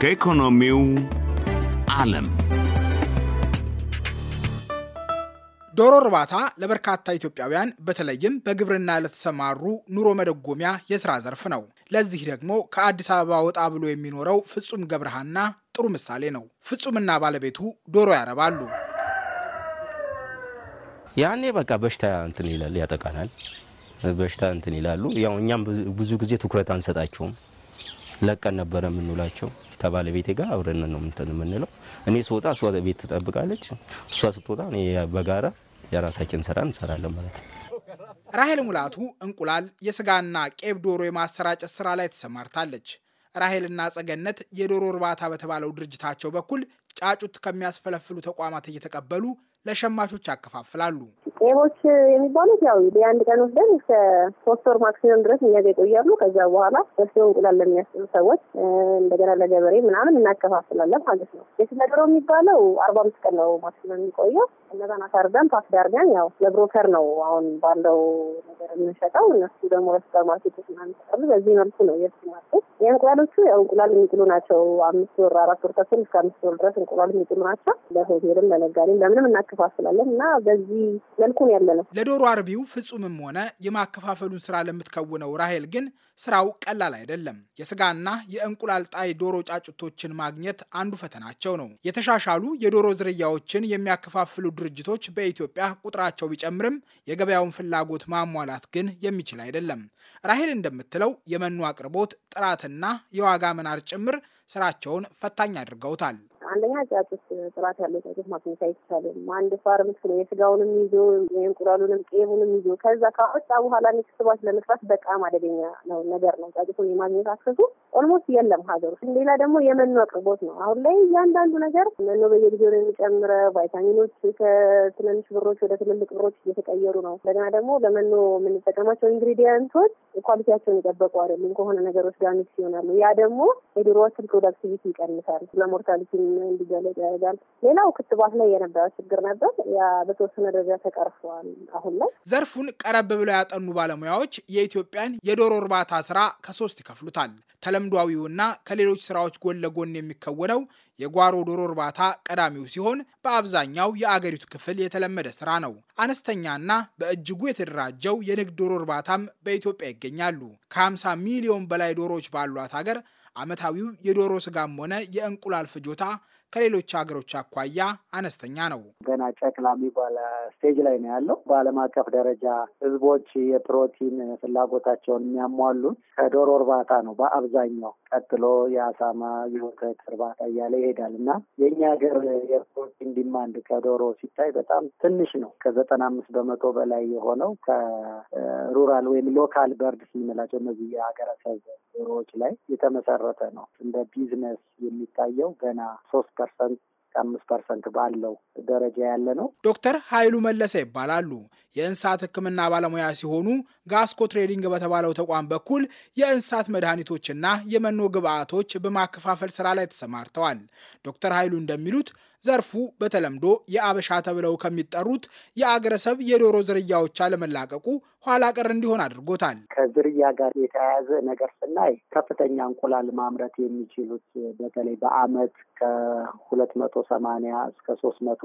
ከኢኮኖሚው ዓለም ዶሮ እርባታ ለበርካታ ኢትዮጵያውያን በተለይም በግብርና ለተሰማሩ ኑሮ መደጎሚያ የስራ ዘርፍ ነው። ለዚህ ደግሞ ከአዲስ አበባ ወጣ ብሎ የሚኖረው ፍጹም ገብረሃና ጥሩ ምሳሌ ነው። ፍጹምና ባለቤቱ ዶሮ ያረባሉ። ያኔ በቃ በሽታ እንትን ይላል፣ ያጠቃናል በሽታ እንትን ይላሉ። ያው እኛም ብዙ ጊዜ ትኩረት አንሰጣቸውም። ለቀን ነበረ የምንውላቸው ተባለቤቴ ጋር አብረን ነው እንትን የምንለው። እኔ ስወጣ እሷ ቤት ትጠብቃለች፣ እሷ ስትወጣ እኔ በጋራ የራሳችን ስራ እንሰራለን ማለት ነው። ራሄል ሙላቱ እንቁላል፣ የስጋና ቄብ ዶሮ የማሰራጨት ስራ ላይ ተሰማርታለች። ራሄልና ጸገነት የዶሮ እርባታ በተባለው ድርጅታቸው በኩል ጫጩት ከሚያስፈለፍሉ ተቋማት እየተቀበሉ ለሸማቾች ያከፋፍላሉ። ጤቦች የሚባሉት ያው የአንድ ቀን ወስደን እስከ ሶስት ወር ማክሲመም ድረስ እኛ ጋር ይቆያሉ። ከዛ በኋላ በስሆ እንቁላል ለሚያስጥሉ ሰዎች እንደገና ለገበሬ ምናምን እናከፋፍላለን ማለት ነው። የስነድሮ የሚባለው አርባ አምስት ቀን ነው ማክሲመም የሚቆየው። እነዛን አሳርደን ፓስዳ አድርገን ያው ለብሮከር ነው አሁን ባለው ነገር የምንሸጠው። እነሱ ደግሞ ለሱፐር ማርኬቶች ምናምን በዚህ መልኩ ነው የእሱ ማርኬት። የእንቁላሎቹ ያው እንቁላል የሚጥሉ ናቸው። አምስት ወር አራት ወር ተኩል እስከ አምስት ወር ድረስ እንቁላል የሚጥሉ ናቸው። ለሆቴልም ለነጋዴም ለምንም እናከ እናከፋፍላለን እና በዚህ መልኩን ያለ ነው። ለዶሮ አርቢው ፍጹምም ሆነ የማከፋፈሉን ስራ ለምትከውነው ራሄል ግን ስራው ቀላል አይደለም። የስጋና የእንቁላል ጣይ ዶሮ ጫጩቶችን ማግኘት አንዱ ፈተናቸው ነው። የተሻሻሉ የዶሮ ዝርያዎችን የሚያከፋፍሉ ድርጅቶች በኢትዮጵያ ቁጥራቸው ቢጨምርም የገበያውን ፍላጎት ማሟላት ግን የሚችል አይደለም። ራሄል እንደምትለው የመኖ አቅርቦት ጥራትና የዋጋ መናር ጭምር ስራቸውን ፈታኝ አድርገውታል። አንደኛ ጫጩት ጥራት ያለው ጫጩት ማግኘት አይቻልም። አንድ ፋርም የስጋውንም ይዞ የእንቁላሉንም ቄቡንም ይዞ ከዛ ካወጣ በኋላ ክትባት ለመስራት በጣም አደገኛ ነው ነገር ነው። ጫጩቱን የማግኘት አክሰሱ ኦልሞስት የለም ሀገር ውስጥ። ሌላ ደግሞ የመኖ አቅርቦት ነው። አሁን ላይ እያንዳንዱ ነገር መኖ በየጊዜው ነው የሚጨምረ። ቫይታሚኖች ከትንንሽ ብሮች ወደ ትልልቅ ብሮች እየተቀየሩ ነው። እንደገና ደግሞ ለመኖ የምንጠቀማቸው ኢንግሪዲየንቶች ኳሊቲያቸውን የጠበቁ አይደሉም። ከሆነ ነገሮች ጋር ሚክስ ይሆናሉ። ያ ደግሞ የዶሮዎችን ፕሮዳክቲቪቲ ይቀንሳል ለሞርታሊቲ እንዲገለጽ ያደርጋል። ሌላው ክትባት ላይ የነበረ ችግር ነበር፣ ያ በተወሰነ ደረጃ ተቀርፏል። አሁን ላይ ዘርፉን ቀረብ ብለው ያጠኑ ባለሙያዎች የኢትዮጵያን የዶሮ እርባታ ስራ ከሶስት ይከፍሉታል። ተለምዷዊውና ከሌሎች ስራዎች ጎን ለጎን የሚከወነው የጓሮ ዶሮ እርባታ ቀዳሚው ሲሆን በአብዛኛው የአገሪቱ ክፍል የተለመደ ስራ ነው። አነስተኛና በእጅጉ የተደራጀው የንግድ ዶሮ እርባታም በኢትዮጵያ ይገኛሉ። ከ50 ሚሊዮን በላይ ዶሮዎች ባሏት ሀገር ዓመታዊው የዶሮ ስጋም ሆነ የእንቁላል ፍጆታ ከሌሎች ሀገሮች አኳያ አነስተኛ ነው። ገና ጨቅላ የሚባል ስቴጅ ላይ ነው ያለው። በዓለም አቀፍ ደረጃ ህዝቦች የፕሮቲን ፍላጎታቸውን የሚያሟሉት ከዶሮ እርባታ ነው በአብዛኛው። ቀጥሎ የአሳማ የወተት እርባታ እያለ ይሄዳል እና የእኛ ሀገር የፕሮቲን ዲማንድ ከዶሮ ሲታይ በጣም ትንሽ ነው። ከዘጠና አምስት በመቶ በላይ የሆነው ከሩራል ወይም ሎካል በርድስ የምንላቸው እነዚህ የሀገረሰብ ዶሮዎች ላይ የተመሰረተ ነው። እንደ ቢዝነስ የሚታየው ገና ሶስት ፐርሰንት ከአምስት ፐርሰንት ባለው ደረጃ ያለ ነው። ዶክተር ኃይሉ መለሰ ይባላሉ። የእንስሳት ሕክምና ባለሙያ ሲሆኑ ጋስኮ ትሬዲንግ በተባለው ተቋም በኩል የእንስሳት መድኃኒቶችና የመኖ ግብዓቶች በማከፋፈል ስራ ላይ ተሰማርተዋል። ዶክተር ኃይሉ እንደሚሉት ዘርፉ በተለምዶ የአበሻ ተብለው ከሚጠሩት የአገረሰብ የዶሮ ዝርያዎች አለመላቀቁ ኋላ ቀር እንዲሆን አድርጎታል። ከዝርያ ጋር የተያያዘ ነገር ስናይ ከፍተኛ እንቁላል ማምረት የሚችሉት በተለይ በአመት ከሁለት መቶ ሰማንያ እስከ ሶስት መቶ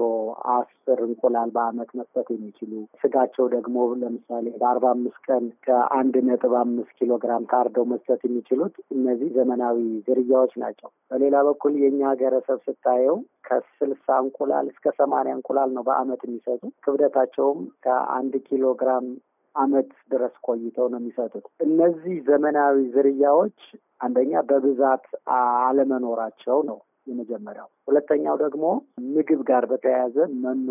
አስር እንቁላል በአመት መስጠት የሚችሉ ስጋቸው ደግሞ ለምሳሌ በአርባ አምስት መጠን ከአንድ ነጥብ አምስት ኪሎ ግራም ታርደው መስጠት የሚችሉት እነዚህ ዘመናዊ ዝርያዎች ናቸው። በሌላ በኩል የእኛ ሀገረሰብ ስታየው ከስልሳ እንቁላል እስከ ሰማንያ እንቁላል ነው በአመት የሚሰጡ ክብደታቸውም ከአንድ ኪሎ ግራም አመት ድረስ ቆይተው ነው የሚሰጡት። እነዚህ ዘመናዊ ዝርያዎች አንደኛ በብዛት አለመኖራቸው ነው የመጀመሪያው። ሁለተኛው ደግሞ ምግብ ጋር በተያያዘ መኖ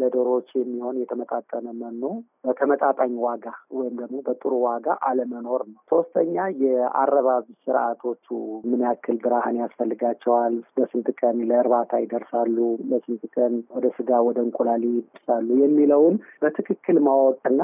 ለዶሮዎች የሚሆን የተመጣጠነ መኖ በተመጣጣኝ ዋጋ ወይም ደግሞ በጥሩ ዋጋ አለመኖር ነው። ሶስተኛ የአረባብ ስርዓቶቹ ምን ያክል ብርሃን ያስፈልጋቸዋል፣ በስንት ቀን ለእርባታ ይደርሳሉ፣ በስንት ቀን ወደ ስጋ ወደ እንቁላል ይደርሳሉ የሚለውን በትክክል ማወቅና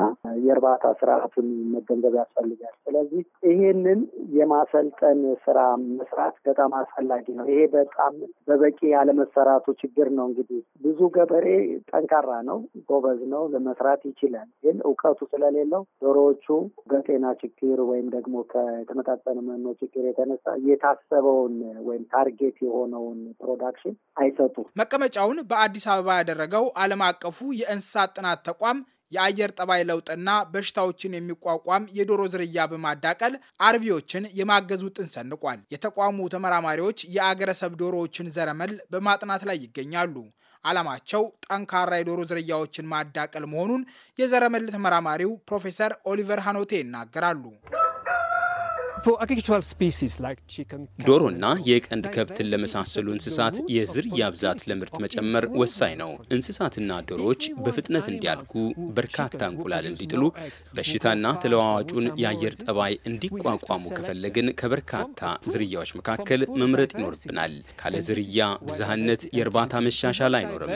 የእርባታ ስርዓቱን መገንዘብ ያስፈልጋል። ስለዚህ ይሄንን የማሰልጠ መመጣጠን ስራ መስራት በጣም አስፈላጊ ነው። ይሄ በጣም በበቂ ያለመሰራቱ ችግር ነው። እንግዲህ ብዙ ገበሬ ጠንካራ ነው፣ ጎበዝ ነው፣ ለመስራት ይችላል። ግን እውቀቱ ስለሌለው ዶሮዎቹ በጤና ችግር ወይም ደግሞ ከተመጣጠነ መኖ ችግር የተነሳ የታሰበውን ወይም ታርጌት የሆነውን ፕሮዳክሽን አይሰጡም። መቀመጫውን በአዲስ አበባ ያደረገው ዓለም አቀፉ የእንስሳት ጥናት ተቋም የአየር ጠባይ ለውጥና በሽታዎችን የሚቋቋም የዶሮ ዝርያ በማዳቀል አርቢዎችን የማገዝ ውጥን ሰንቋል። የተቋሙ ተመራማሪዎች የአገረሰብ ዶሮዎችን ዘረመል በማጥናት ላይ ይገኛሉ። ዓላማቸው ጠንካራ የዶሮ ዝርያዎችን ማዳቀል መሆኑን የዘረመል ተመራማሪው ፕሮፌሰር ኦሊቨር ሃኖቴ ይናገራሉ። ዶሮና የቀንድ ከብትን ለመሳሰሉ እንስሳት የዝርያ ብዛት ለምርት መጨመር ወሳኝ ነው። እንስሳትና ዶሮዎች በፍጥነት እንዲያድጉ፣ በርካታ እንቁላል እንዲጥሉ፣ በሽታና ተለዋዋጩን የአየር ጠባይ እንዲቋቋሙ ከፈለግን ከበርካታ ዝርያዎች መካከል መምረጥ ይኖርብናል። ካለ ዝርያ ብዝሃነት የእርባታ መሻሻል አይኖርም።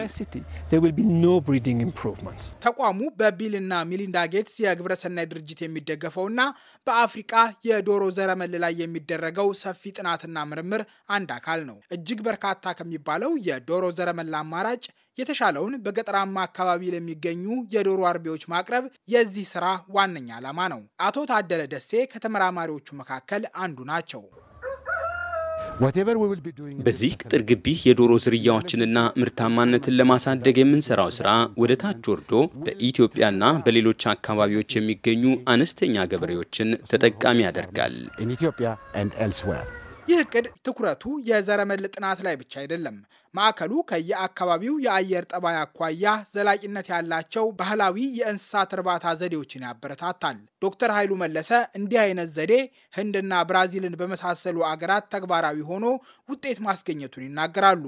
ተቋሙ በቢልና ሚሊንዳ ጌትስ የግብረሰናይ ድርጅት የሚደገፈውና በአፍሪቃ የዶሮ ዘረመል ላይ የሚደረገው ሰፊ ጥናትና ምርምር አንድ አካል ነው። እጅግ በርካታ ከሚባለው የዶሮ ዘረመል አማራጭ የተሻለውን በገጠራማ አካባቢ ለሚገኙ የዶሮ አርቢዎች ማቅረብ የዚህ ስራ ዋነኛ ዓላማ ነው። አቶ ታደለ ደሴ ከተመራማሪዎቹ መካከል አንዱ ናቸው። በዚህ ቅጥር ግቢ የዶሮ ዝርያዎችንና ምርታማነትን ለማሳደግ የምንሰራው ስራ ወደ ታች ወርዶ በኢትዮጵያና በሌሎች አካባቢዎች የሚገኙ አነስተኛ ገበሬዎችን ተጠቃሚ ያደርጋል። ይህ እቅድ ትኩረቱ የዘረመል ጥናት ላይ ብቻ አይደለም። ማዕከሉ ከየአካባቢው የአየር ጠባይ አኳያ ዘላቂነት ያላቸው ባህላዊ የእንስሳት እርባታ ዘዴዎችን ያበረታታል። ዶክተር ኃይሉ መለሰ እንዲህ አይነት ዘዴ ህንድና ብራዚልን በመሳሰሉ አገራት ተግባራዊ ሆኖ ውጤት ማስገኘቱን ይናገራሉ።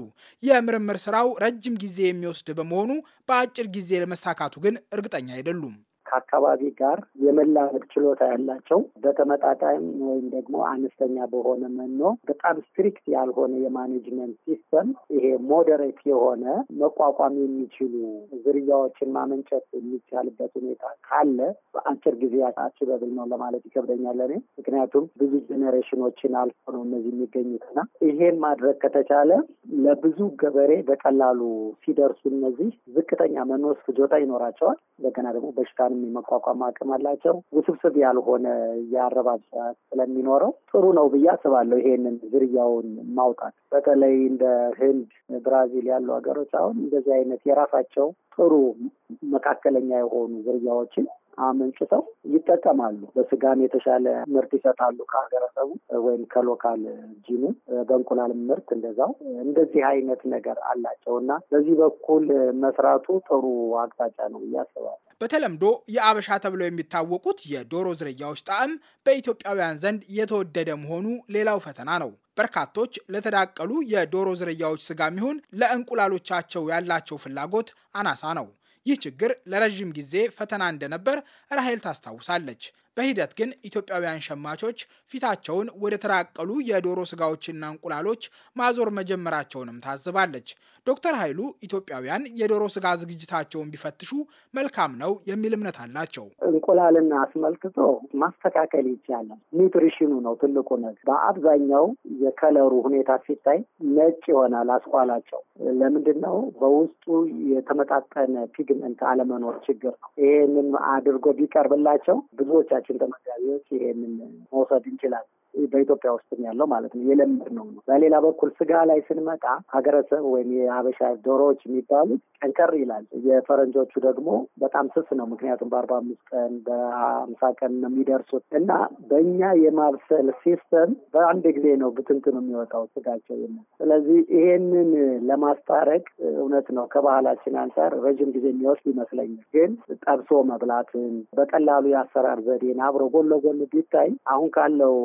የምርምር ስራው ረጅም ጊዜ የሚወስድ በመሆኑ በአጭር ጊዜ ለመሳካቱ ግን እርግጠኛ አይደሉም። ከአካባቢ ጋር የመላመድ ችሎታ ያላቸው በተመጣጣኝ ወይም ደግሞ አነስተኛ በሆነ መኖ በጣም ስትሪክት ያልሆነ የማኔጅመንት ሲስተም ይሄ ሞዴሬት የሆነ መቋቋም የሚችሉ ዝርያዎችን ማመንጨት የሚቻልበት ሁኔታ ካለ በአጭር ጊዜ አችበብል ነው ለማለት ይከብደኛል እኔ ምክንያቱም ብዙ ጄኔሬሽኖችን አልፎ ነው እነዚህ የሚገኙትና ይሄን ማድረግ ከተቻለ ለብዙ ገበሬ በቀላሉ ሲደርሱ እነዚህ ዝቅተኛ መኖ ፍጆታ ይኖራቸዋል እንደገና ደግሞ በሽታን ችግሩን የመቋቋም አቅም አላቸው። ውስብስብ ያልሆነ የአረባብ ስርዓት ስለሚኖረው ጥሩ ነው ብዬ አስባለሁ። ይሄንን ዝርያውን ማውጣት በተለይ እንደ ህንድ፣ ብራዚል ያሉ ሀገሮች አሁን እንደዚህ አይነት የራሳቸው ጥሩ መካከለኛ የሆኑ ዝርያዎችን አመንጭተው ይጠቀማሉ። በስጋም የተሻለ ምርት ይሰጣሉ ከሀገረሰቡ ወይም ከሎካል ጂኑ፣ በእንቁላል ምርት እንደዛው እንደዚህ አይነት ነገር አላቸው እና በዚህ በኩል መስራቱ ጥሩ አቅጣጫ ነው ብዬ በተለምዶ የአበሻ ተብለው የሚታወቁት የዶሮ ዝርያዎች ጣዕም በኢትዮጵያውያን ዘንድ የተወደደ መሆኑ ሌላው ፈተና ነው። በርካቶች ለተዳቀሉ የዶሮ ዝርያዎች ስጋ የሚሆን ለእንቁላሎቻቸው ያላቸው ፍላጎት አናሳ ነው። ይህ ችግር ለረዥም ጊዜ ፈተና እንደነበር ራሄል ታስታውሳለች። በሂደት ግን ኢትዮጵያውያን ሸማቾች ፊታቸውን ወደ ተራቀሉ የዶሮ ስጋዎችና እንቁላሎች ማዞር መጀመራቸውንም ታዝባለች። ዶክተር ኃይሉ ኢትዮጵያውያን የዶሮ ስጋ ዝግጅታቸውን ቢፈትሹ መልካም ነው የሚል እምነት አላቸው። እንቁላልና አስመልክቶ ማስተካከል ይቻላል። ኒውትሪሽኑ ነው ትልቁ ነገር። በአብዛኛው የከለሩ ሁኔታ ሲታይ ነጭ ይሆናል አስኳላቸው። ለምንድን ነው? በውስጡ የተመጣጠነ ፒግመንት አለመኖር ችግር ነው። ይህንን አድርጎ ቢቀርብላቸው ብዙዎቻቸው ሁላችን ተመጋቢዎች ይሄንን መውሰድ እንችላለን። በኢትዮጵያ ውስጥ ያለው ማለት ነው የለምድ ነው። በሌላ በኩል ስጋ ላይ ስንመጣ ሀገረሰብ ወይም የሀበሻ ዶሮዎች የሚባሉት ቀንቀር ይላል። የፈረንጆቹ ደግሞ በጣም ስስ ነው። ምክንያቱም በአርባ አምስት ቀን በሀምሳ ቀን ነው የሚደርሱት እና በእኛ የማብሰል ሲስተም በአንድ ጊዜ ነው ብትንትኑ የሚወጣው ስጋቸው። ስለዚህ ይሄንን ለማስታረቅ እውነት ነው ከባህላችን አንጻር ረዥም ጊዜ የሚወስድ ይመስለኛል። ግን ጠብሶ መብላትን በቀላሉ የአሰራር ዘዴን አብሮ ጎን ለጎን ቢታይ አሁን ካለው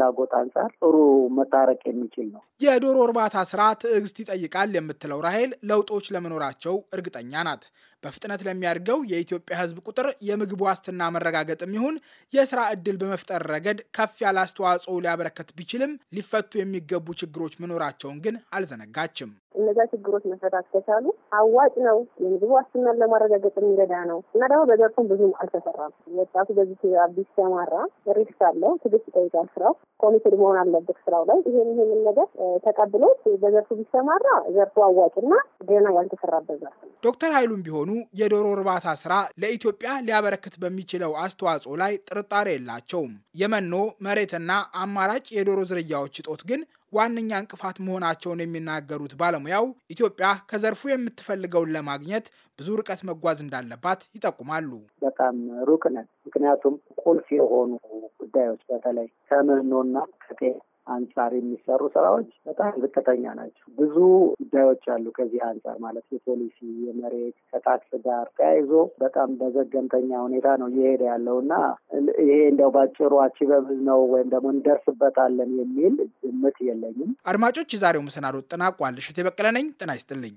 ፍላጎት አንጻር ጥሩ መታረቅ የሚችል ነው። የዶሮ እርባታ ስራ ትዕግስት ይጠይቃል የምትለው ራሄል ለውጦች ለመኖራቸው እርግጠኛ ናት። በፍጥነት ለሚያድገው የኢትዮጵያ ሕዝብ ቁጥር የምግብ ዋስትና መረጋገጥም ይሁን የስራ እድል በመፍጠር ረገድ ከፍ ያለ አስተዋጽኦ ሊያበረከት ቢችልም ሊፈቱ የሚገቡ ችግሮች መኖራቸውን ግን አልዘነጋችም። እነዛ ችግሮች መፈታት ከቻሉ አዋጭ ነው፣ የምግብ ዋስትናን ለማረጋገጥ የሚረዳ ነው እና ደግሞ በዘርፉም ብዙም አልተሰራም። ወጣቱ በዚህ አዲስ ተማራ ሪስክ አለው፣ ትግስት ይጠይቃል። ስራው ኮሚቴድ መሆን አለበት። ስራው ላይ ይሄን ይሄንን ነገር ተቀብሎት በዘርፉ ቢሰማራ ዘርፉ አዋጭና ገና ያልተሰራበት ዘርፍ ነው። ዶክተር ሀይሉም ቢሆኑ በመሆኑ የዶሮ እርባታ ስራ ለኢትዮጵያ ሊያበረክት በሚችለው አስተዋጽኦ ላይ ጥርጣሬ የላቸውም። የመኖ መሬትና አማራጭ የዶሮ ዝርያዎች እጦት ግን ዋነኛ እንቅፋት መሆናቸውን የሚናገሩት ባለሙያው ኢትዮጵያ ከዘርፉ የምትፈልገውን ለማግኘት ብዙ ርቀት መጓዝ እንዳለባት ይጠቁማሉ። በጣም ሩቅ ነን። ምክንያቱም ቁልፍ የሆኑ ጉዳዮች በተለይ ከመኖና ከጤና አንጻር የሚሰሩ ስራዎች በጣም ዝቅተኛ ናቸው። ብዙ ጉዳዮች አሉ ከዚህ አንጻር ማለት የፖሊሲ የመሬት ከታክስ ጋር ተያይዞ በጣም በዘገምተኛ ሁኔታ ነው እየሄደ ያለው እና ይሄ እንደው ባጭሩ አቺበብል ነው ወይም ደግሞ እንደርስበታለን የሚል ግምት የለኝም። አድማጮች፣ የዛሬው መሰናዶ ተጠናቋል። እሸቴ በቀለ ነኝ። ጤና ይስጥልኝ።